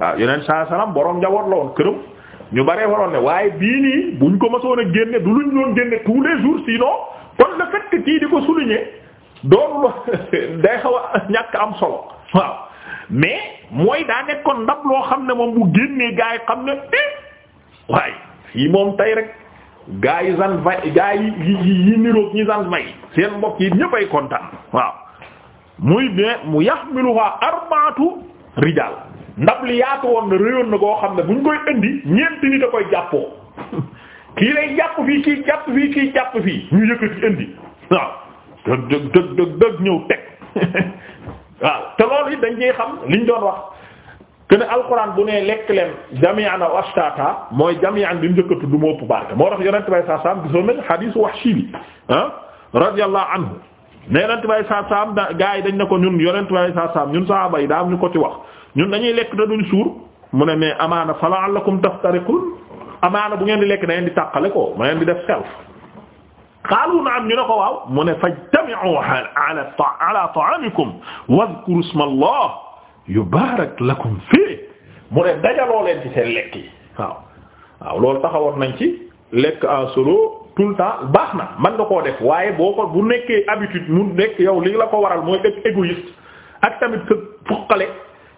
waaw yeneen saa salaam borom njaboot la woon këram ñu baree waroon ne waaye bii nii buñ ko mësoon a génne du luñ doon génne tous les jours sinon kon le fait que kii di ko souligner doonul day xaw a ñàkk am solo waaw mais mooy daa nekkoon ndab loo xam ne moom bu génnee gaay xam ne eh waaye fii moom tay rek gaa yi zan vay gaa yi yi yi niroog ñi zan vay seen mbokk yi ñëpp ay kontaan waaw muy bien mu yahmiluha arba'atu rijal ndab li yaatu woon na na koo xam ne bu ñu koy indi ñeenti nit a koy jàppoo kii lay jàpp fii kii jàpp fii kii jàpp fii ñu yëkkati indi waaw dëg ñëw teg waaw te loolu it dañ cee xam liñ doon wax que ne bu nee lekk leen jami'an aw ashtata mooy jami'an bi mu njëkk a tudd moo ëpp barke moo tax yonent bay saa saam gisoon nañ xadiis Wahshi bi ah anhu ne yonent bay saa saam da yi dañ ne ko ñun yonent bay saa saam ñun sahaaba yi daa am ñu ko ci wax ñun dañuy lekk da duñ suur mu ne mais amaana fala'allakum taftariqun amaana bu ngeen di lekk da ngeen di tàqale ko ma ngeen di def self qaalu na'am ñu ne ko waaw mu ne fajtami'u ala ala ta'amikum wadhkuru isma Allah yubarak lakum fii mu ne lekk yi waaw waaw loolu taxawoon nañ ci lekk en tout le temps baax na man nga koo def waaye boo ko bu nekkee habitude mu nekk yow li la ko waral mooy égoïste ak tamit sa fuqale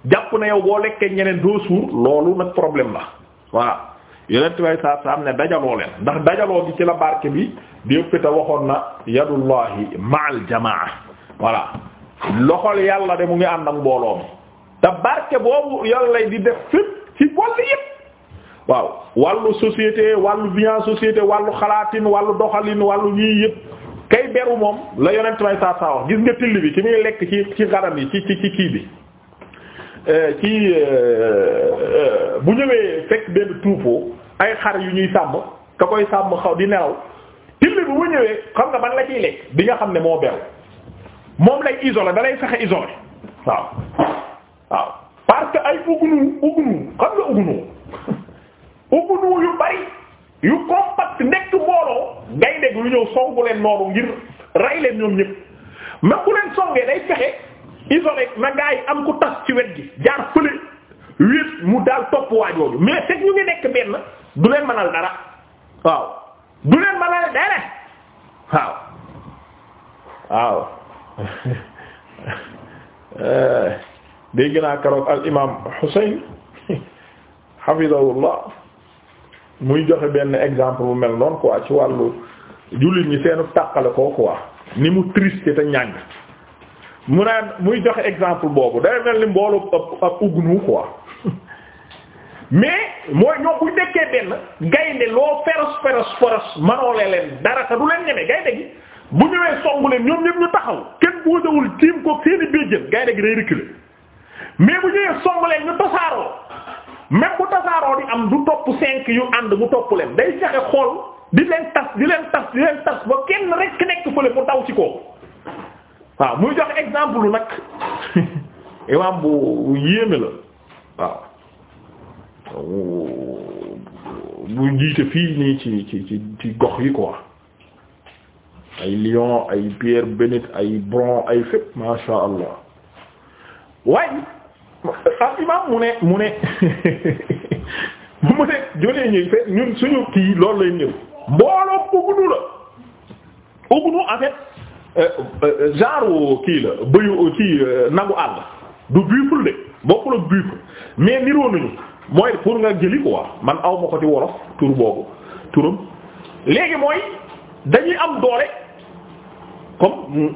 jàpp na yow boo lekkee ñeneen doo suur loolu nag problème la voilà yeneen way saa sa am ne dajaloo leen ndax dajaloo gi ci la barke bi di ëppite waxoon na yadullahi ma'al jamaa voilà loxol yàlla de mu ngi ànd ak mbooloo mi te barke boobu yàlla lay di def fépp ci boll yépp waaw wàllu société wàllu bien société wàllu xalaatin wàllu doxalin wàllu ñii yëpp kay beru moom la yonent may saa gis nga till bi ci muy lekk ci ci xaram yi ci ci ci kii bi euh, ci euh, euh, bu ñëwee fekk benn troupeau ay xar yu ñuy sàmm ka koy sàmm xaw di nelaw till bi bu ñëwee xam nga ban la ciy lekk bi nga xam ne moo beru moom lay isolé da lay fexe isolé waaw waaw parce que ay ugnu ugnu xam nga ugnu ubunu yu bari yu compact nekk mbooloo gaynde gi lu ñëw songu leen noonu ngir rey leen ñoom ñëpp ma ku leen songee day fexe isolé na gaa yi am ku tas ci wet gi jaar fële wéet mu daal topp waa mais fekk ñu ngi nekk benn du leen mënal dara waaw du leen mënal dara waaw waaw eh, dégg naa keroog al imaam Husayn hafidahullah muy joxe benn exemple bu mel noonu quoi ci wàllu jullit ñi seenu tàqale ko quoi ni mu triste te ñàng mu naan muy joxe exemple boobu day mel ni mboolu ab ab ugnu quoi mais mooy ñoo ku nekkee benn gaynde loo feros feros feros manoole leen dara te du leen ñeme gaynde gi bu ñëwee songu leen ñoom ñëpp ñu taxaw kenn boojowul tiim ko seeni béjjën gaynde gi day reculer mais bu ñëwee songu leen ñu tasa cinq yu ànd mu topp leen day fexe xool di leen tas di leen tas ba kenn rek nekk fële mu daw ci kooku waaw muy jox exemple lu nag imaam bu yéeme la waaw bu jiite fii nii ci ci ci gox yi quoi ay Lyon ay Pierre Bénite ay Bron ay fépp ma Allah waaye al ah, imaam mu ne mu ne bu mu ne jonee ñuy fe ñun suñu kii loolu lay ñëw mbooloo ugnu la ugnu en fait euh, euh, genre kii la bëyu kii euh, nangu àll du buffle de bokkul ak buffle mais niroo nañu mooy pour nga jëli quoi man aw ma ko di wolof tur boobu turam léegi mooy dañuy am doole comme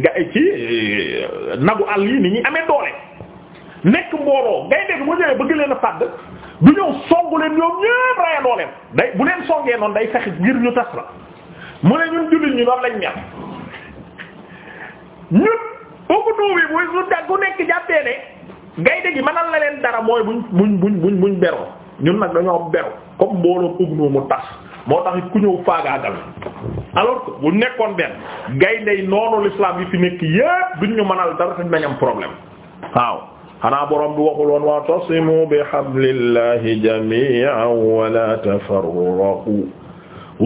ga ci nagu àll yi ni ñuy amee doole nekk mbooloo ngay def mu ñëwee bëgg leen a fàdd du ñëw songu leen ñoom ñépp rayandoo leen day bu leen songee noonu day fexe ngir ñu tas la mu ne ñun jullit ñu noonu lañ mel ñun okunóob yi muy su dagg ku nekk jàppee ne gaynde gi mënal la leen dara mooy buñ buñ buñ buñ buñ beroo ñun nag dañoo beru comme mbooloo ugnoo mu tas moo tax ku ñëw faagaagal alors que bu nekkoon benn gaynde yi noonu l'islam yi fi nekk yépp duñ ñu mënal dara dañ am problème waaw. xanaa borom bi waxul woon wa'tasimu bi hablillahi jami'an wa la tafarraqu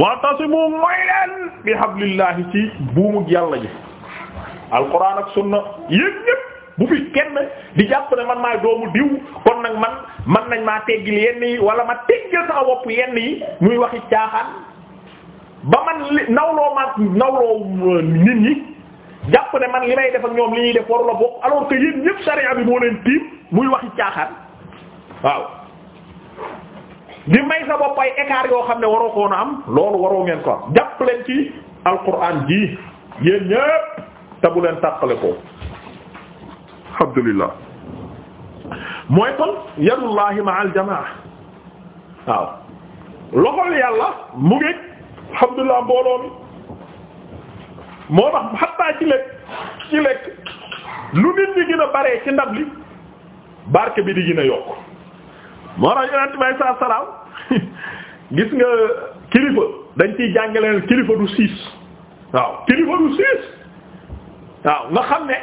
wa'tasimu mooy bi hablillahi ci buumu yàlla ji alquran ak sunna yéen ñépp bu fi kenn di jàpp ne man maay doomu diw kon nag man man nañ maa teggil yenn wala ma teggil sama bopp yenn yi muy waxi caaxaan ba man nawloo ma nawloo euh, jàpp ne man li may def ak ñoom li ñuy def waru la bokk alors que yéen ñëpp bi moo leen tiim muy waxi caaxaan waaw di may sa bopp ay écart yoo xam ne waroo ko woon a am loolu waroo ngeen ko am jàpp leen ci alquran ji yéen ñëpp te leen tàqale ko alhamdulillah mooy kon yadullahi ma al jamaa waaw loxol yàlla mu ngi alhamdulillah mbooloo moo tax xattaa ci lekk ci lekk lu nit ñi gën a baree ci ndab li barke bi di gën a yokk moo tax yonent bay saa gis nga kilifa dañ ciy jàngaleen kilifa du siis waaw kilifa du siis waaw nga xam ne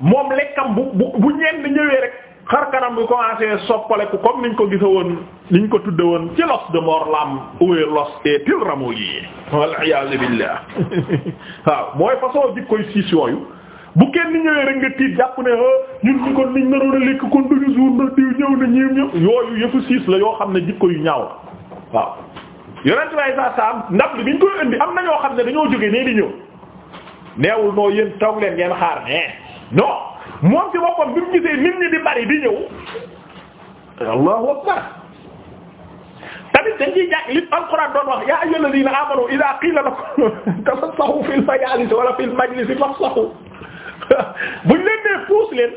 moom lekkam bu bu bu ñenn ñëwee rek xar bu bi commencé soppaleku comme niñ ko gisa woon liñ ko tudde woon ci los de am ou los lii Tilramoli wal iyaazu billah waaw mooy façon jikkoy siis yooyu bu kenn ñëwee rek nga tiit jàpp ne ah, ñun ko kon liñ naroon a lekk kon duñu suur na diw ñëw na ñëw ñëw yooyu yëfu siis la yoo xam ne jikko yu ñaaw waaw yonent bay sa saam ndab li biñ koy indi am na ñoo xam ne dañoo jógee nee di ñëw neewul noo yéen toog leen ngeen xaar ne non moom ci boppam bi mu gisee nit ñi di bari di ñëw tamit dañ ciy jàkk li alquran doon wax yaa ayyuhal ladina amanu idha qila lakum tafassahu fil majalis wala fil majlis fafsahu buñ leen nee puus leen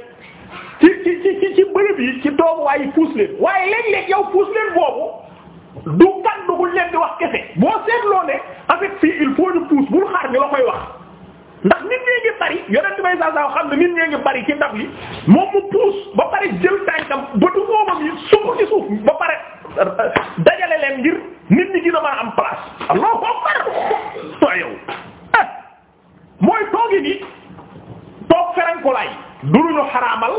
ci ci ci ci bërëb yi ci tooguwaay yi puus leen waaye léeg-léeg yow puus leen boobu du kaddu buñ leen di wax kese boo seetloo ne en fii il faut ñu puus bul xaar ñu la koy wax. ndax nit ñee ngi bari yonent bay saa saa xam ne nit ñee ngi bari ci ndab yi moom mu puus ba pare jël tànkam ba du ba pare. dajale leen ngir nit ñi gën a mën a am place allahu akbar waaye yow ah mooy toogi ni toog ferenkulaay du lu ñu xaraamal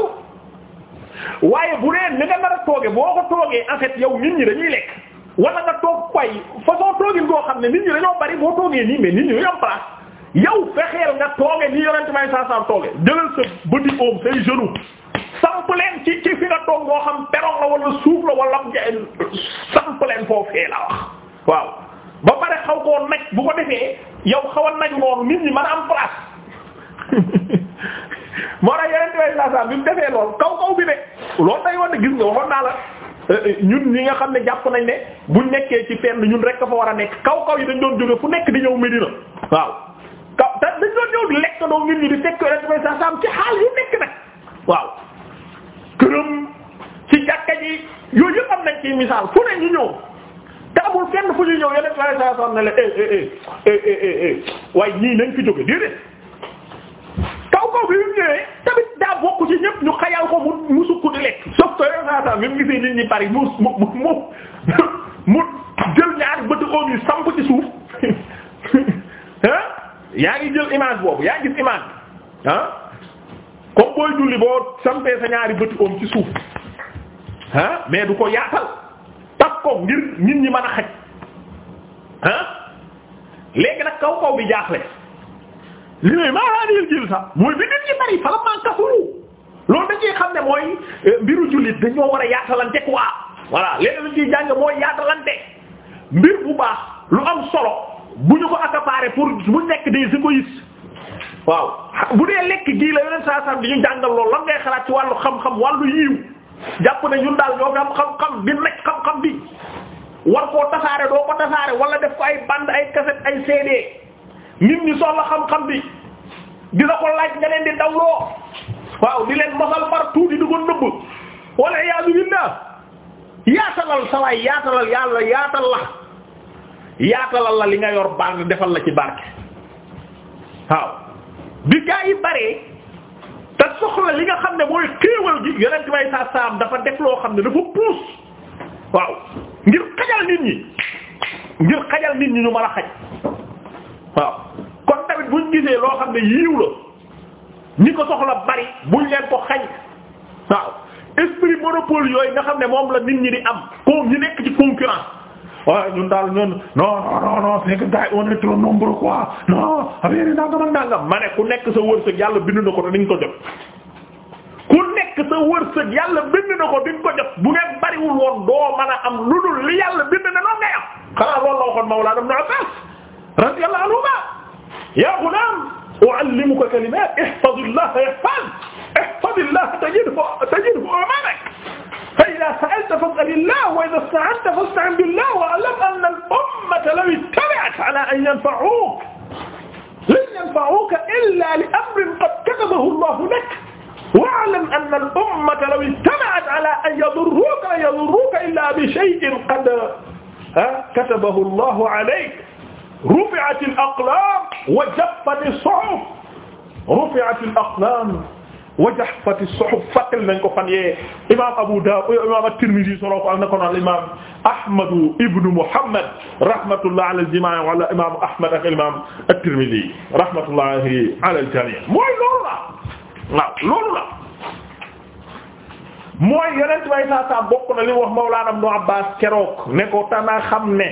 waaye bu dee ni nga nar a tooge boo ko toogee en fait yow nit ñi dañuy lekk wala nga toog koy façon toogin goo xam ne nit ñi dañoo bari boo tooge nii mais nit ñi am place yow fexeel nga tooge nii yonent may saa saa tooge jëlal sa bëti oom say genou samp leen ci ci fi nga toog moo xam perron la wala suuf la wala samp leen foofee la wax waaw ba pare xaw koo naj bu ko defee yow xawal naju noonu nit ñi man a am place moo tax yeneen yooyu saa saa bi mu defee lool kaw kaw bi de loolu day wane gis nga naa la euh, euh, ñun ñi nga xam ne jàpp nañ ne buñ nekkee ci fenn ñun rek ka war a nekk kaw kaw yi dañ doon jóge fu nekk di ñëw Medina waaw. kaw te dañ lekk doon nit ñi di fekk rek saa saa am nekk nag waaw. këram ci jàkka ji yooyu yëpp am nañ ci misaal fu ne ñu ñëw te amul kenn fu ñu ñëw yeneen sallallahu alayhi ne la eh eh eh, eh eh eh waaye ñii nañ fi jóge déedéet kaw kaw bi ñu ñëwee tamit daa bokk ci ñëpp ñu xayal ko mu mu sukk di lekk sauf que yeneen sallallahu alayhi gisee nit ñi bari mu mu mu mu jël ñaar bët oom yi samp ci suuf ah yaa ngi jël image boobu yaa gis image ah. comme booy julli boo sampee sa ñaari bëti oom ci suuf ah mais du ko yaatal tap ko ngir nit ñi mën a xaj ah léegi nag kaw kaw bi jaaxle li may maa haadil jil sax mooy bi nit bari fala maa kafulu loolu dañ xam ne mooy euh, mbiru jullit dañoo war a yaatalante quoi voilà léegi lañ ciy jàng mooy yaatalante mbir bu baax lu am solo bu ñu ko accaparer pour bu nekk des égoïstes waaw bu dee lekk gii la yeneen saa saam bi ñu jàngal loolu lan ngay xalaat ci wàllu xam-xam wàllu yiiw jàpp ne ñun daal ñoo am xam-xam bi war koo tasaare doo wala def ko ay bande ay cassette ay CD nit ñi soxla xam-xam bi dina ko laaj nga leen di dawloo waaw di leen mosal partout di di ko nëbb wala iyaazu billah yaatalal sawaay yaatalal yàlla yaatal la yaatalal la li nga yor barke defal la ci barke waaw bi gaa yi baree te soxla li nga xam ne mooy xéewal gi yonent bi ay saa saam dafa def loo xam ne dafa puus waaw ngir xajal nit ñi ngir xajal nit ñi ñu mën a xaj waaw kon tamit buñ gisee loo xam ne yiiw la ñi ko soxla bari buñ leen ko xañ waaw esprit monopole yooyu nga xam ne moom la nit ñi di am ko ñu nekk ci concurrence waaye ñun daal ñun non non non c'est que gars yi on est trop nombreux quoi non affaire yi nangam ak nangam ma ku nekk sa wërsëg yàlla bind na ko te dinga ko jot. ku nekk sa wërsëg yàlla bind ko dinga ko jot bu ngeen bariwul woon doo mën a am lu dul li yàlla bind na noonu ngay am xanaa loolu la waxoon Mawlaana Ibn Abbaas radiyallahu anhuma yaa ghulaam u'allimuka kalimaat ihfazillah yahfazka ihfadillah tajidhu tajidhu amamak fa idha sa'alta fas'alillah wa idha ista'anta fasta'in billah wa alam anna al-ummata law ittaba'at ala an yanfa'uka lan yanfa'uka illa li amrin qad katabahu Allah lak wa'lam anna al-ummata law ittaba'at ala an yadurruka lan yadurruka illa bi shay'in qad katabahu Allah alayk rufi'at al-aqlam wa jaffat as-suhuf rufi'at al-aqlam wajax fati soxub fàttali nañ ko fan yee imaam Abu Dawud imaam at-Tirmidhi solo ko am na ko noonu imaam Ahmad ibn Muhammad rahmatullah ala al-jami' wala imaam Ahmad ak imaam at-Tirmidhi rahmatullah ala al-jami' mooy loolu la waaw loolu la mooy yeneen way saa saa bokk na li mu wax Mawlana Ibn Abbas keroog ne ko tanaa xam ne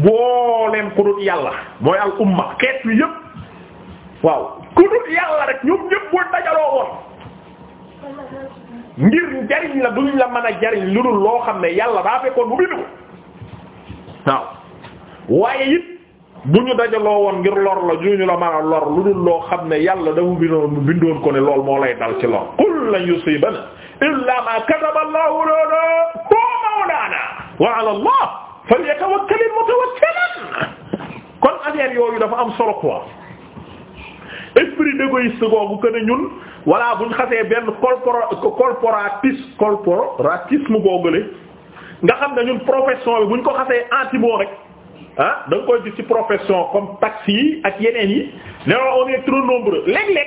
mbooleem ku dul yàlla mooy al umma xeet wi yépp waaw ku dul yàlla rek ñoom ñëpp bu dajaloo woon ngir jariñ la duñ la mën a jariñ lu dul loo xam ne yàlla daa fekkoon bu bind ko waaw waaye it bu ñu dajaloo woon ngir lor la ñu la mën lor lu dul loo xam ne yàlla dafa bindoon mu bindoon kon ne lool moo lay dal ci lor qul lan yusibana illa ma kataba allahu lana huwa mawlana wa ala allah falyatawakkalil mutawakkilun kon affaire yooyu dafa am solo quoi esprit d'égoïste googu que ne ñun voilà buñ xasee benn corpora corporatisme corporatisme googule nga xam ne ñun profession bi buñ ko xasee anti-bon rek ah da nga koy gis ci profession comme taxi yi ak yeneen yi ne on est trop nombreux léeg-léeg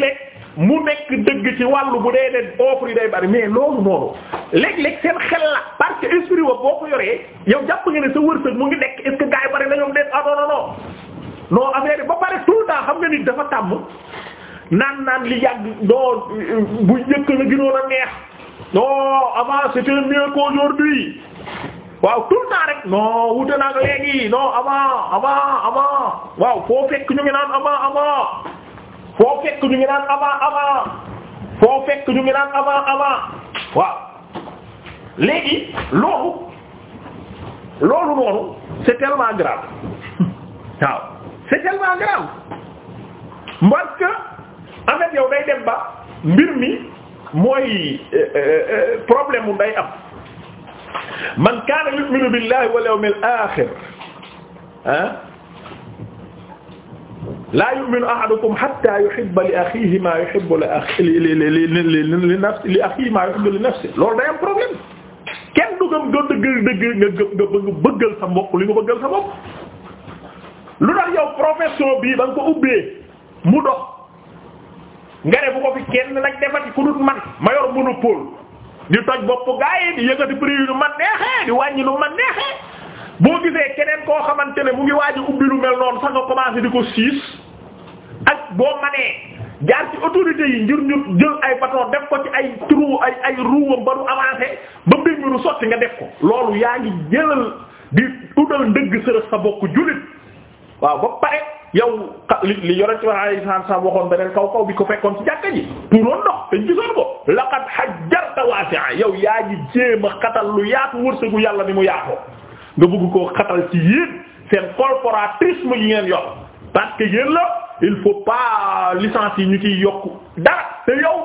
léeg mu nekk dëgg ci wàllu bu dee den offre yi day bari mais loolu noonu léeg-léeg seen xel la parce que esprit wa boo ko yoree yow jàpp nga ne sa wërsëg mu ngi nekk est-ce bari na ñoom déet ah non affaire ba pare tout le xam nga nit dafa tàmm naan naan li yàgg bu njëkk la gënoon a neex non avant c'était mieux qu'aujourd'hui waaw tout le temps rek non wute naa ko léegi non avant avant waaw foo fekk ñu ngi naan avant avant foo fekk ñu ngi naan avant avant waaw léegi loolu loolu noonu c'est tellement grave waaw. c'est tellement grave parce que en fait yow day dem ba mbir mi mooy problème mu day am man kaana yu'minu billahi wal yawmil akhir ah laa yu'minu ahadukum hatta yuhibba li akhihi ma yuhibbu li akhi li li li nafsi li akhihi ma yuhibbu li nafsi loolu day am problème kenn du gëm gëm dëgg dëgg nga bëggal sa mbokk li nga bëggal sa bopp lu tax yow profession bii ba nga ko ubbee mu dox nga ne bu ko fi kenn nag defati ku dut man ma yor monopole di toj boppu gars yi di yëkkati prix yu man neexee di wàññi lu man neexee boo gisee keneen koo xamante ne mu ngi waaj ubbi lu mel noonu sax nga commencé di ko siis ak boo manee jaar ci autorité yi ngir ñu jël ay bâton def ko ci ay trou ay ay ruuwam ba du avancé ba mbir mi sotti nga def ko loolu yaa ngi jëlal di utal ndëgg sërëx sa bokk jullit waaw ba pare yow li li yonent bi alayhi salaam waxoon beneen kaw kaw bi ko fekkoon ci jàkka ji tuuroon ndox te gisoon ko laqad hajjarta wasi'a yow yaa ngi jéem a xatal lu yaatu wërsëgu yàlla ni mu yaatoo nga bëgg koo xatal ci yéen seen corporatisme yi ngeen yor parce que il faut pas licence yi ñu ciy yokk dara te yow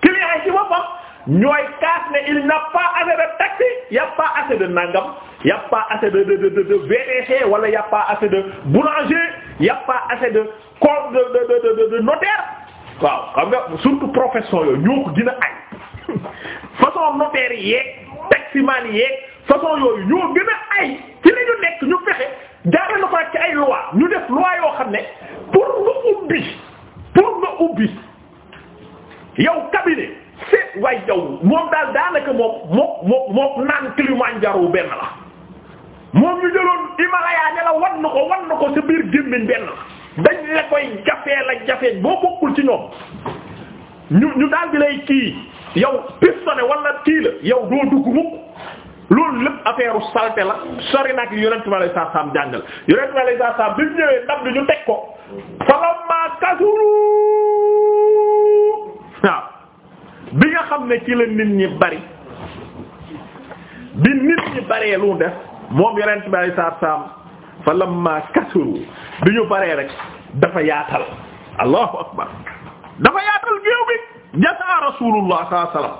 client yi ci boppam ñooy kaas ne il n'a pas assez de taxi il n'a pas assez nangam. y a pas assez de de de de VDC wala y a pas assez de boulanger y a pas assez de corps de de de de notaire waaw xam nga surtout profession yooyu ñoo ko dina ay façon notaire yeeg taximan yeeg façon yooyu ñoo gën a ay ci li ñu nekk ñu fexe jaaree na ko rek ci ay loi ñu def loi yoo xam ne pour nga ubbi pour nga ubbi yow cabinet c'est waaye yow moom daal daanaka moom moom moom moom naan climat njaru benn la. moom ñu jëloon Himalaya ne la wan na ko wan na ko sa biir gémmiñ benn dañ la koy jafee la jafee boo bokkul ci ñoom ñu ñu daal lay kii yow pistonné wala kii la yow doo dugg mukk loolu lépp affaire saleté la sori nak yonent bi alayhi salaam jàngal yonent bi ñu teg ko falamma kasuru waaw bi nga xam ne kii la nit ñi bari bi nit ñi baree lu def moom yonent bi ay saab saam fa lamma kasuru bi ñu paree rek dafa yaatal allahu akbar dafa yaatal géew bi jataa rasulullah sallallahu alayhi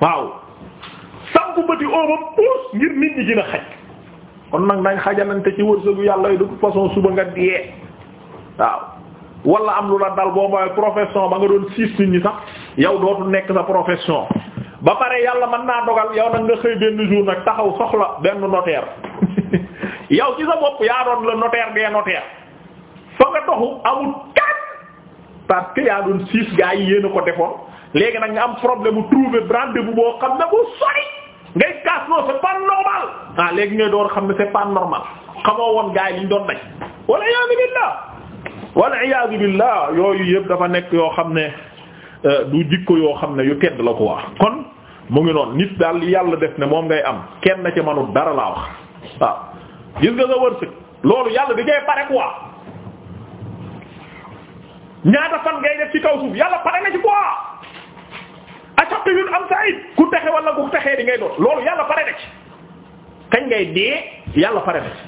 waaw sanku bëti oomam puus ngir nit ñi gën xaj kon nag nañ xajalante ci wërsëgu yàlla yi de toute façon suba nga diyee waaw wala am lu la dal boo mooy profession ba nga doon siis nit ñi sax yow dootu nekk sa profession ba pare yàlla mën naa dogal yow nag nga xëy benn jour nag taxaw soxla benn notaire yow ci sa bopp yaa doon le notaire des notaires fa nga toxu amul kat parce que yaa doon siis gars yi yéen ko defoon léegi nag nga am problème bu trouver rendez bu boo xam ne bu sori ngay kaas non c'est pas normal ah léegi ngay door xam ne c'est pas normal xamoo woon gaa yi liñ doon daj wala iyaazu billah wala iyaazu billah yooyu yëpp dafa nekk yoo xam ne Euh, du jikko yoo xam ne yu tedd la ko wax kon mu ngi noonu nit daal yàlla def ne moom ngay am kenn ci manut dara laa wax waaw gis nga sa wërsëg loolu yàlla da cay pare quoi ñaata fan ngay def ci kaw suuf yàlla pare na ci quoi ashaqiyun am sa'id ku texe wala ku texee di ngay doon loolu yàlla pare na ci kañ ngay dee yàlla pare na ci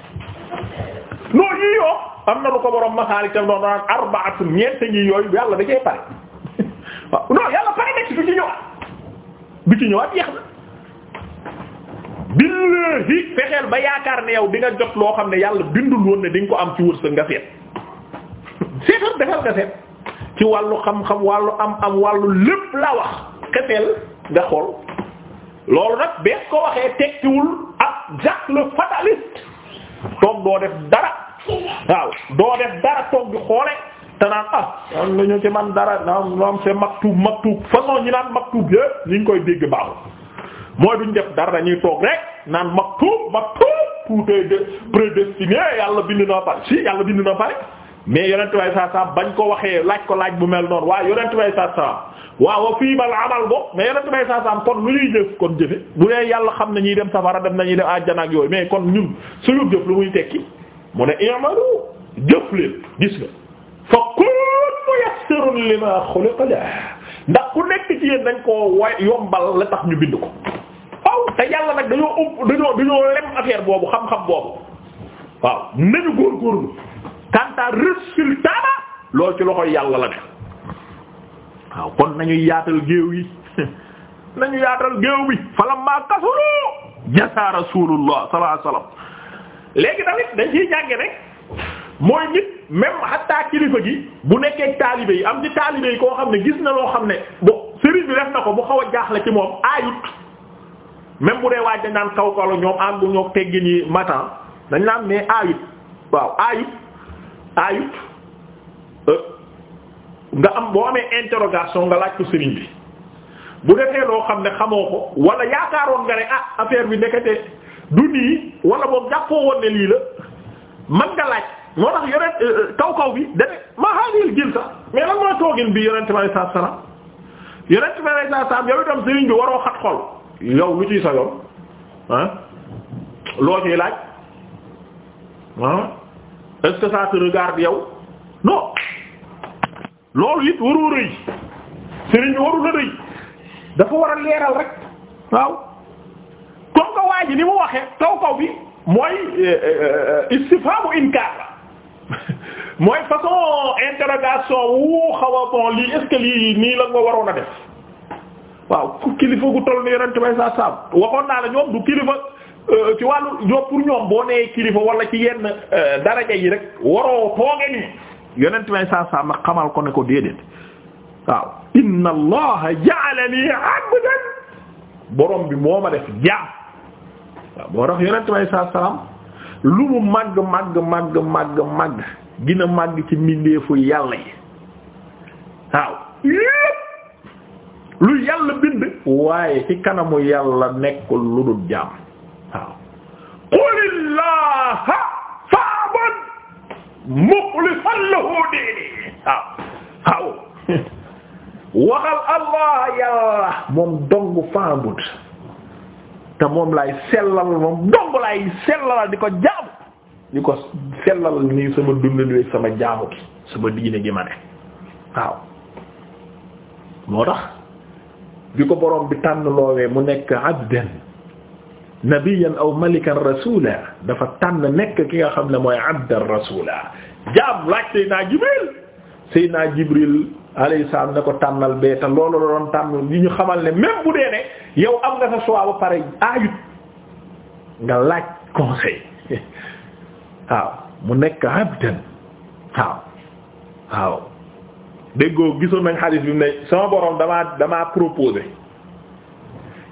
loolu yii yoo am na lu ko borom masaali tam doon naan arba'atun ñeent ngi yooyu yàlla da cay pare waaw non yàlla pare nekk du ci ñëwaat du ci ñëwaat yeex na billahi fexeel ba yaakaar ne yow di nga jot loo xam ne yàlla bindul woon ne di ko am ci wërsëg nga seet seetal defal nga seet ci wàllu xam-xam wàllu am am wàllu lépp la wax xefeel nga xool loolu nag bees ko waxee tekkiwul ak Jacques le fataliste toog doo def dara waaw doo def dara toog di xoole te naan ah am ci man dara na am am c'est maktub maktub façon ñi naan maktub yépp ñu koy dégg baaxul mooy duñ def dara dañuy toog rek naan maktub maktub tout est prédestiné yàlla bind na pare si yàlla bind na pare mais yonent way saa saa bañ ko waxee laaj ko laaj bu mel noonu waaye yonent way saa saa waaw fii bal amal bokk mais yonent way saa saa kon lu ñuy jëf kon jëfe bu dee yàlla xam na ñuy dem safara dem nañuy dem àjjana ak yooyu mais kon ñun suñu jëf lu muy ne i'malu jëf leen gis nga xayrun lima xuliqa la ndax ku nekk ci yéen dañ koo yombal la tax ñu bind ko waaw te yàlla nag dañoo ëpp dañoo lem affaire boobu xam-xam boobu waaw nañu góorgóorlu quant à résultat ba loolu ci loxo yàlla la def waaw kon nañu yaatal géew yi nañu yaatal géew bi falamma kasulu jasa rasulullah sallallahu alayhi léegi tamit dañ ciy jànge rek mooy nit même xatta kilifa gi bu nekkee taalibe yi am ci taalibe yi koo xam ne gis na loo xam ne bo sëriñ bi def na ko bu xaw a jaaxle ci moom aayut même bu dee waaj dañ naan kaw kaw la ñoom àndu ñoo teggin yi matan dañ naan mais aayut waaw aayut aayut euh, nga am boo amee interogation nga laaj ko sëriñ bi bu defee loo xam ne xamoo ko wala yaakaaroon nga ne ah affaire bi nekkate du nii wala boobu jàppoo woon ne lii la mën nga laaj moo tax yonent euh, euh, kaw kaw bi dane ma haadil sax mais lan mooy toogin bi yonent bi alayhi salaatu yonent bi alayhi salaatu salaam yow itam sëriñ bi waroo xat xol yow lu ciy sa yoon ah loo laaj ah est yow non loolu it waroo rëy sëriñ bi waru la rëy dafa war a leeral rek waaw comme que waa ji ni mu waxee kaw kaw bi mooy euh, istifhaamu inkaar mooy façon interrogation wu xaw a bon lii est-ce nii la nga waroon a def waaw ku kilifa gu toll ni yonent bay sa saab waxoon naa la ñoom du kilifa euh, ci wàllu ñoom pour ñoom boo nee kilifa wala ci yenn euh, daraja yi rek waroo tooge nii yonent bay sa saab nag xamal ko ne ko déedéet waaw inna allaha ja'alani abdan borom bi moo ma def jaam waaw boo tax yonent bay sa saab lu mu màgg màgg màgg màgg màgg gina màgg ci mbindeefu yàlla yi waaw yépp lu yàlla bind waaye ci kanamu yàlla nekkul lu dul jaam waaw qulillaha fa'bud mukhlisan lahu diini waaw waaw waxal allah yàlla moom dong fa'bud te moom lay sellal moom dong lay sellal di ko jaam di ko sellal nii sama dundali sama jaamu gi sama diine gi ne waaw moo tax bi ko boroom bi tànn loowee mu nekk abdan nabiyan aw malikan rasula dafa tànn nekk ki nga xam ne mooy abdan rasula jaam laaj Seydina Jibril Seydina Jibril alayhi salaam na ko tànnal bee te loolu la doon tànn li ñu xamal ne même bu dee ne yow am nga sa choix pare aayut nga laaj conseil waaw mu nekk abdan waaw waaw déggoo gisoon nañ xadiis bi mu ne sama borom damaa damaa proposé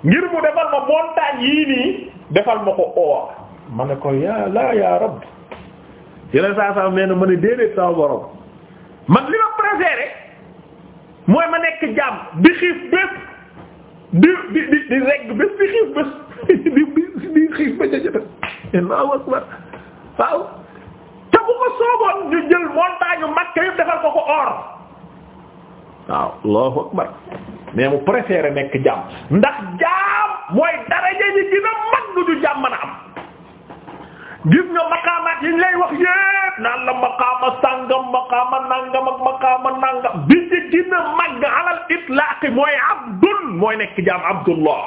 ngir mu defal ma montagne yii defal ma ko oor ne ko yaa laa yaa rabb yeneen saa saa nee na ma ne déedéet sama borom man li ma préféré mooy ma nekk jàmm di xiif bés di di di di di xiif bés di di di xiif ba jëjëf. bu ko sooboon ñu jël montagne yu Makka yëpp defal ko ko or waaw Allahu akbar mais mu nekk jaam ndax jaam mooy daraja yi dina mag lu du jaam mën a am gis nga maqaamaat yi ñu wax yépp naan la maqaama sàngam maqaama nàngam ak maqaama nàngam bi ci dina mag alal itlaaqi mooy abdul mooy nekk jaam abdullah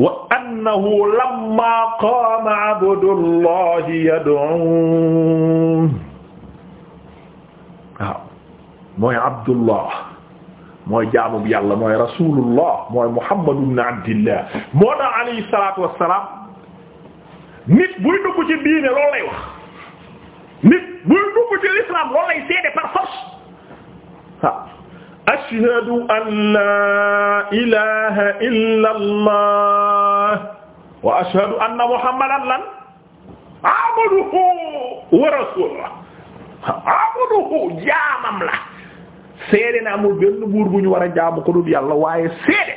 wa annahu lamma qaama abdullahi yad'uuhu waaw mooy abdullah mooy jaamu bi yàlla mooy rasulullah mooy muhammadu ibn abdillah moo tax alayhi salaatu wa salaam nit buy dugg ci diine loolu lay wax nit buy dugg ci l'islam loolu lay seede par force waaw ashhadu an laa ilaaha illa allah wa ashhadu anna muhammadan lan abduhu wa rasuluhu abduhu jaamam la seede na amul benn buur bu ñu war a jaamu ko dul yàlla waaye seede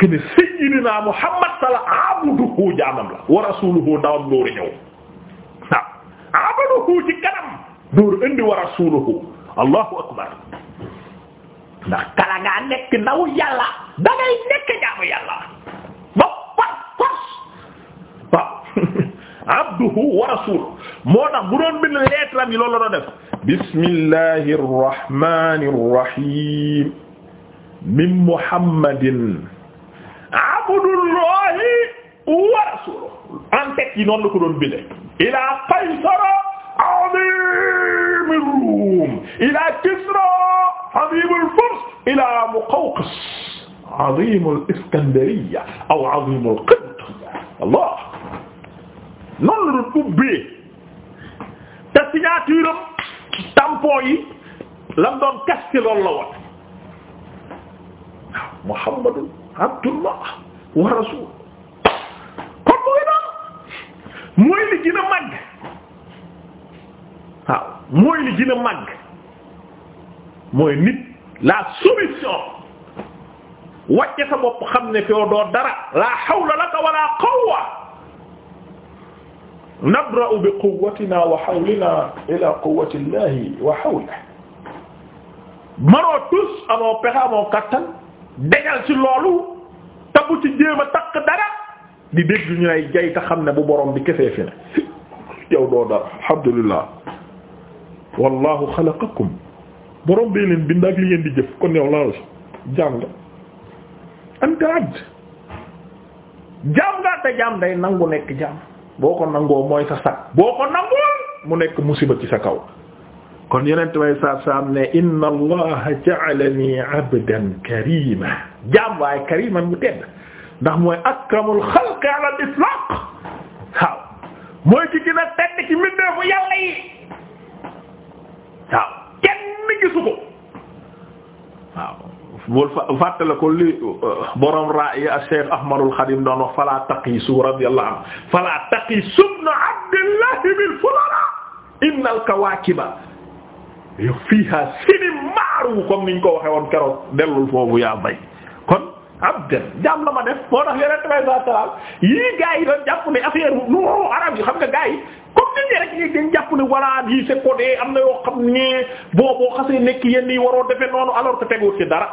kene sayyidina muhammad sala abduhu jaamam la wa rasuluhu ndawam dóoru ñëw waaw abduhu ci kanam dóoru indi wa rasuluhu allahu akbar ndax kala ngaa nekk ndaw yàlla da ngay nekk jaamu yàlla ba pas pas waaw abduhu wa rasul moo tax bu doon bind lettre am yi loolu la doon def bismillahir rahmanir rahim min muhammadin abdullahi wa rasul en tête yi noonu la ko doon binde ila qaysara azimir rum ila kisra azimul furs ila Muqawqis azimul iskandariya aw azimul qibt Allah noonu la doon ubbee te signature am tampon yi lam doon kasti loolu la woon Muhammadu Abdullah wa rasul kon mu ngi doon mooy li gën a màgg waaw mooy li gën a màgg mooy nit la soumission wàcce sa bopp xam ne foo doo dara la hawla laka wala quwwa nabra'u bi quwwatina wa ila quwwati llahi wa hawlihi maroo tus amoo pexe amoo kattan degal ci loolu te bu ci jéem a takk dara di dégg ñu lay jay te xam ne bu borom bi kefee fi ne yow doo dara alhamdulillah wallahu xalaqakum borom bee leen bind ak li ngeen di jëf kon yow la si jaam nga anta abd jaam nga te jaam day nangu nekk jaam boo ko nangoo mooy sa sag boo ko nangoo mu nekk musiba ci sa kaw kon yeneen way saab saab ne inna allaha ja'alani abdan karima jaam waaye kariman mu tedd ndax mooy akramul xalqi ala al itlaq waaw mooy ci gën tedd ci mbindeefu yàlla yi waaw kenn gisu ko waaw bool fàttale ko li uh, borom raaya a Cheikh Ahmadul Khadim doon wax fala taqisu radiyallahu anhu fala taqisu ibn Abdillah bil fulara innal kawakiba fiha sinimaaru comme niñ ko waxe woon keroog dellul foofu yaa bay abdan jaam la ma def moo tax yeneen tamay saa salaam yii gars yi doon jàpp ne affaire nu arab yi xam nga gars yi comme nit ñi rek yéeg dañ jàpp ne yii yi c'est codé am na yoo xam ne boo boo xasee nekk yenn yi waroo defee noonu alors que teguwul ci dara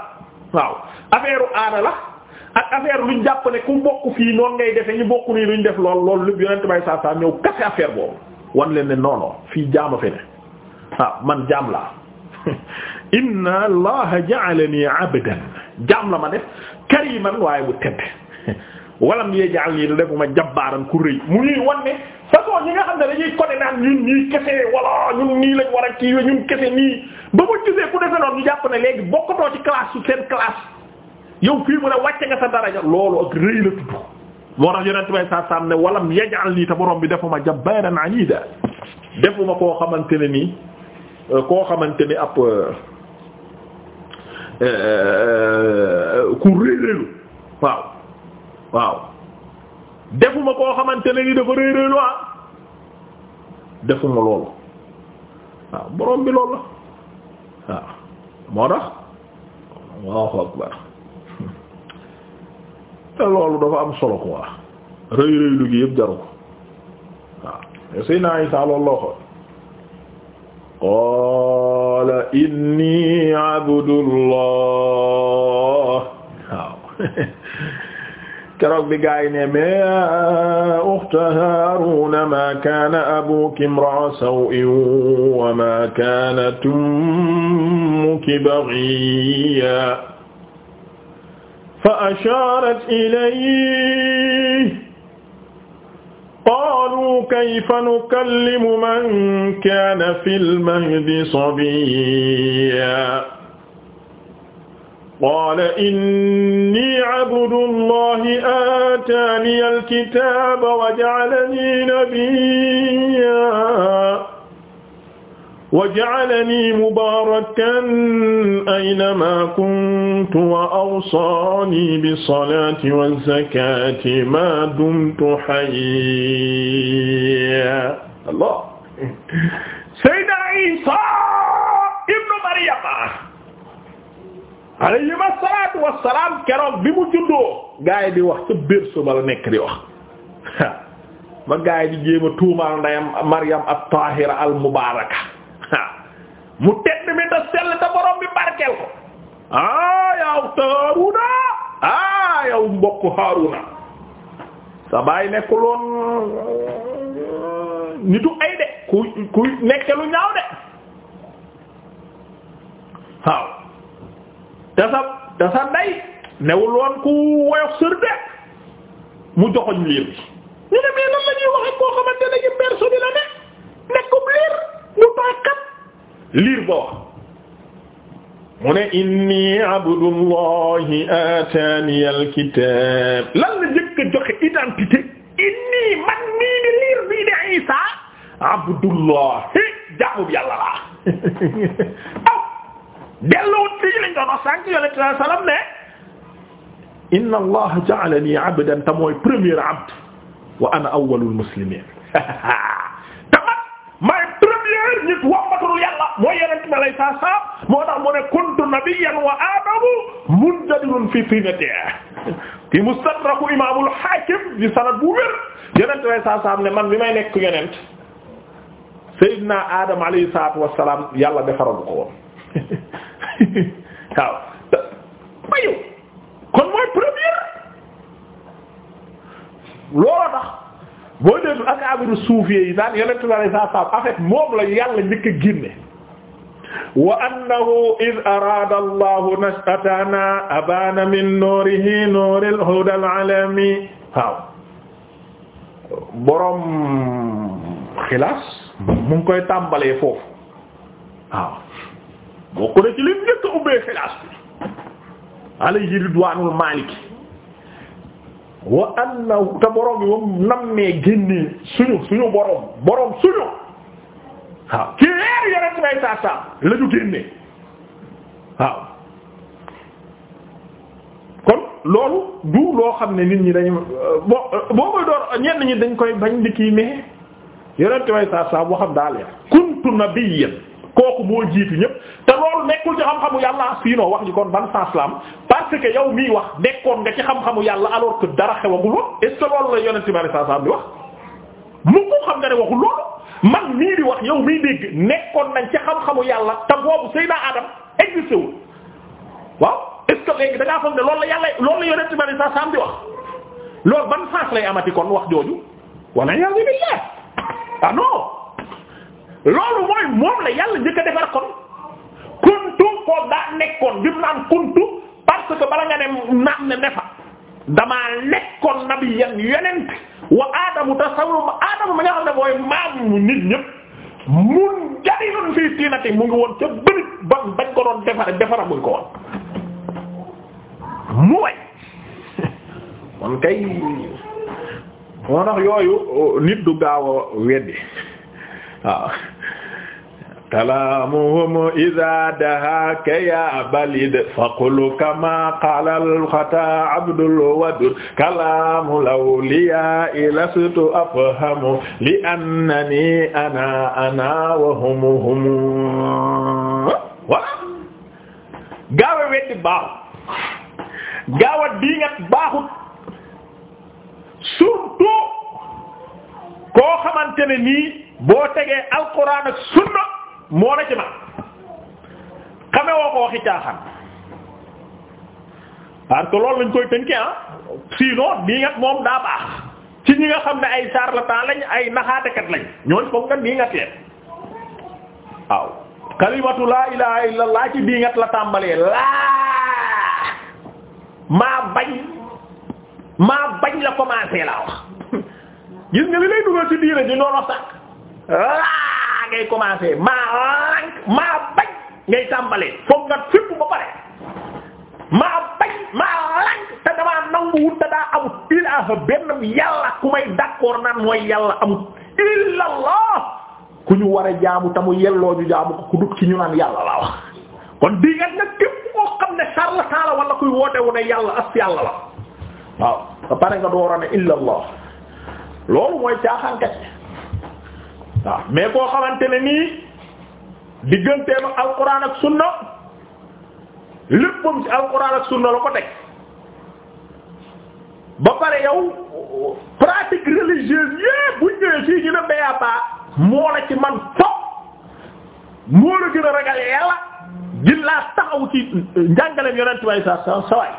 waaw affaire aada la ak affaire luñ jàpp ne ku bokk fii noonu ngay defe ñu bokk nii luñ def lool loolu lépp yeneen tamay saa saa ñëw kase affaire boobu wan leen ne noono fii jaama fe ne waaw ah, man jaam laa inna allaha ja'alani la ma def man waaye bu tedd walam yaj'al nii defuma jabbaaran ku rëy mu ñuy wan ne façon ñi nga xam ne dañuy côté naan ñun nii kese wala ñun nii lañ war a kii ñun kese nii ba ma gisee ku defe noonu ñu jàpp ne léegi bokkatoo ci classe su seen classe yow fii mu a wàcce nga sa daraja loolu ak rëy la tudd moo tax yonent bay saa saam ne walam yaj'al nii te borom bi defuma jabbaaran anida defuma koo xamante ne nii koo xamante ni ab Eh, eh, eh, ku réeréelu waaw waaw defuma koo xamante ne ni dafa réeréelu ah defuma loolu waaw borom bi loolu la waaw moo tax Allahu akbar te loolu dafa am solo quoi rëy rëylu gi yëpp jaru ko waaw Seydina Isa loolu loo xool qaala inni abdullah waaw keroog bi gaay ne ma yaa uxta haaruna maa kaana abuki imra'a saw'in wa maa kaanat ummuki baghiyya fa ashaarat ilayhi qaalu kayfa nukallimu man kaana fil mahdi sabiyya qaala inni abdullahi aataaniya alkitaaba wa ja'alanii nabiyya wa ja'alani mubaarakan aynamaa kuntu wa awsaani bis-salaati waz-zakaati maa dumtu hayya. Allah. Sayyidinaa Iisaa ibnu Maryama alayhi salaatu wa salaam keroog bi mu juddoo. gaay di wax ca berceau ba la nekk di wax ba gaay di jéem a tuumaal ndeyam Maryam at-Taahira al-Mubaaraka mu tedd mi te sell te borom bi barkeel ko ah yow te Haaruna ah yow mbokk Haaruna sa baay nekkuloon euh, nitu ay de ku ku nekke lu ñaaw de waaw te sa te sa ndey newul ku woyof sër de mu joxoñ liir ñu ne mais la ñuy waxe koo xamante ne ci berceau la ne nekkub liir mu baakat liir ba wax mu ne inni abdullahi atani alkitab lan la njëkk a joxe identité inni man nii di liir bii di isa abdullahi jaamu bi yàlla laa aw delloot lii lañ doon wax sànq yonente saai sallam ne inna allaha ja'alani abdan te mooy premier abd wa ana awwalul muslimin maay première nit wambatul yàlla mooy yenent ma lay saa moo tax mu ne kuntu nabiyyan wa aadamu muntadirun fi tinatihi ki mustadraku imaamul hakim yenent lay saa ne man bi may nekk yenent sayyidina aadama alayhi salaatu wassalaam yàlla defaragu ko kon mooy première loolu boo déglu akaabiru suufiyee yi naan yonent bi alayhi salaam en fait moom la yàlla njëkk a génne wa annahu id araada allahu nashatana abana min nuurihi nuuril hudal alami waaw boroom xilaas mu ngi koy tàmbalee foofu waaw boo ko ne ci li njëkk a ubbee xilaas bi alayhi ridwaanul maaliki wa annahu te borom bi moom nammee génnee suñu suñu borom borom suñu waaw ci leer yonent may saa saa génnee waaw kon loolu du loo xam ne nit ñi dañ boo boo koy door ñenn ñi dañ koy bañ di kii mais yonent may saa saa boo xam daa leer kuntu nabiyyan kooku moo jiitu ñépp te loolu nekkul ci xam-xamu yàlla sinon wax ji kon ban sens am parce que yow miy wax nekkoon nga ci xam-xamu yàlla alors que dara xewagul woon est-ce que loolu la yonent bi mu xam nga ne waxul loolu man mii wax yow miy dégg nekkoon nañ ci xam-xamu yàlla te boobu Seydina Adam existé wul waaw est-ce léegi da ngaa foog ne loolu la yàlla loolu la yonent bi sallallahu alayhi wasallam di wax loolu ban sens lay amati kon wax jooju wala yàlla billah ah non loolu mooy moom la yàlla njëkk a defar kon kuntu koo daa nekkoon bi mu naan kuntu parce que bala nga ne naan ne nefa damaa nekkoon nabiyyan yonent wa aadamu te sawru aadamu mi nga ne mooy maamu nit ñëpp mun jarinun fii tiinati mu ngi woon ca bëri ba bañ ko doon defare defara buñ ko woon mu way kon kay moo tax yooyu nit du gaaw a weddi waaw kalaamuhum idaa dahaaka yaa balid faqul kama qaala al-xataa Abdul Wadud kalaamu lawliyaa lastu afhamu li annani ana ana wa hum hum voilà gaaw a weddi baaxut gaaw a diingat baaxut surtout koo xamante ne nii boo tegee alquran ak sunna moo la ci ma xame woo ko waxi caaxaan parce que lañ koy tënkee ah sinon nii nga moom daa baax ci ñi nga xam ne ay charlatan lañ ay naxaatekat lañ ñooñ foog nga nii nga teet waaw kalimatu laa ilaha illallah ci bii ngat la tàmbalee laa maa bañ maa bañ la commencé laa wax gis nga li lay dugal ci diine di loolu sax laa ah, ngay commencer maa lànk maa bañ ngay tàmbalee foog nga fépp ba pare maa bañ maa lànk te damaa nangu wut te daa amut ilaaha benn yàlla ku may d'accord naan mooy yàlla amut illallah ku ñu war a jaamu tamu yelloo ñu jaamu ko ku dut ci ñu naan yàlla laa wax kon di nga nag képp koo xam ne charlatan la wala kuy wootewu ne yàlla as yàlla la waaw ba pare nga doora ne loolu mooy caaxaankat waaw mais koo xamante ne nii digganteem ak alquran ak sunna léppam ci alquran ak sunna la ko teg ba pare yow pratique religieuse yépp bu ñëwee fii gën a béyaa baa moo la ci man fop moo la gën a ragal yàlla gin laa taxaw ci njàngaleem yonent way sa saway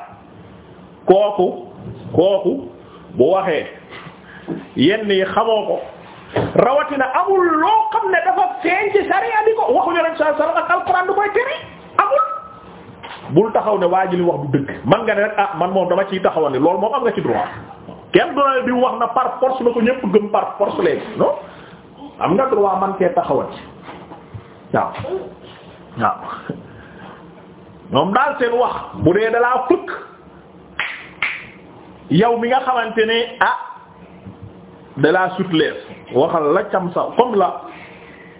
kooku kooku bu waxee yenn yi xamoo ko rawatina amul loo xam ne dafa feeñ ci sariya bi ko waxu yonent sallallahu alayhi wasallam ak alxuraan du koy tere amul bul taxaw ne waa ji li wax du dëgg man nga ne rek ah man moom dama ciy taxawal ne loolu moom am nga ci droit kenn doona bi wax na par force la ko ñëpp gëm par force léegi non am nga droit man kee taxawal waaw waaw ñoom daal seen wax bu dee dalaa fëkk yow mi nga xamante ne ah de la souplesse waxal la cam sa comme la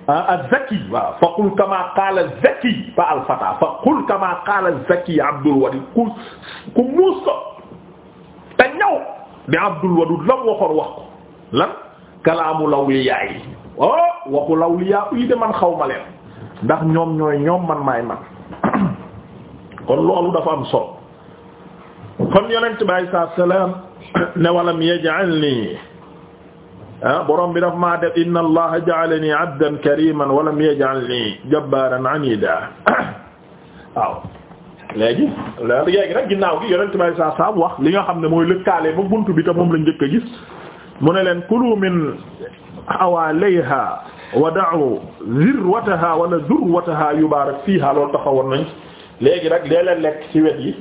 ah, az-Zaki waaw fa qul kama qala az-Zaki fa al-fata fa qul kama qala az-Zaki Abdul Wadud ku ku muus ko te ñaw di Abdul Wadud lam waxoon wax ko lan kalaamu lawliyaa yi oh, waxu lawliyaa yi de man xaw ma leen ndax ñoom ñooy ñoom man maay man kon loolu dafa am solo kon yonent bi sallallahu alayhi wasallam ne walam yaj'alni Ah, borom bi daf maa def inna allaha ja'alani abdan kariman wa lam yaj'alni jabbaaran anida waaw léegi léegi nag ginnaaw gi yonent bay saa saam wax li nga xam ne mooy lëkkaale ba bunt bi te moom lañ jëkk a gis mu ne leen kulu min hawalayha wa da'u zirwataha wala zurwataha yubarak fiha loolu taxawoon nañ léegi rek dee leen lekk ci wet yi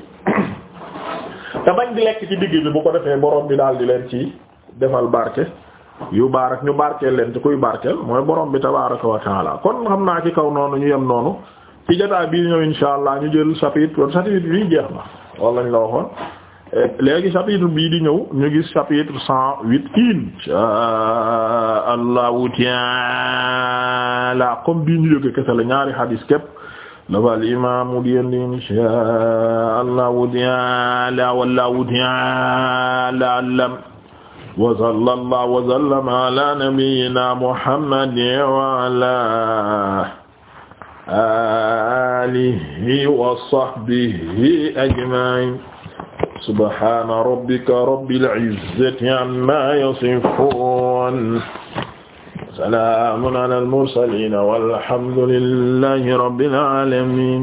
te bañ di lekk ci digg bi bu ko defee borom bi daal di leen ci defal barke yu baarak ñu barkeel leen ci kuy barkeel mooy borom bi tabaaraka wa taala kon xam naa ci kaw noonu ñu yem noonu ci jotaay bii ñëw insha allah ñu jël chapitre kon chapitre bii jeex na walla léegi chapitre bii di ñëw ñu gis chapitre cent huit wu allahu la comme bii ñu jóge kese la ñaari hadis képp dafa al imaamu di indi insha allahu taala wallahu taala alam wa sallallahu wa sallama ala nabiyyina muhammadin wa ala alihi wa sahbihi ajma'in subhana rabbika rabbil izzati amma yasifun salamun ala al mursalin walhamdulillahi rabbil alamin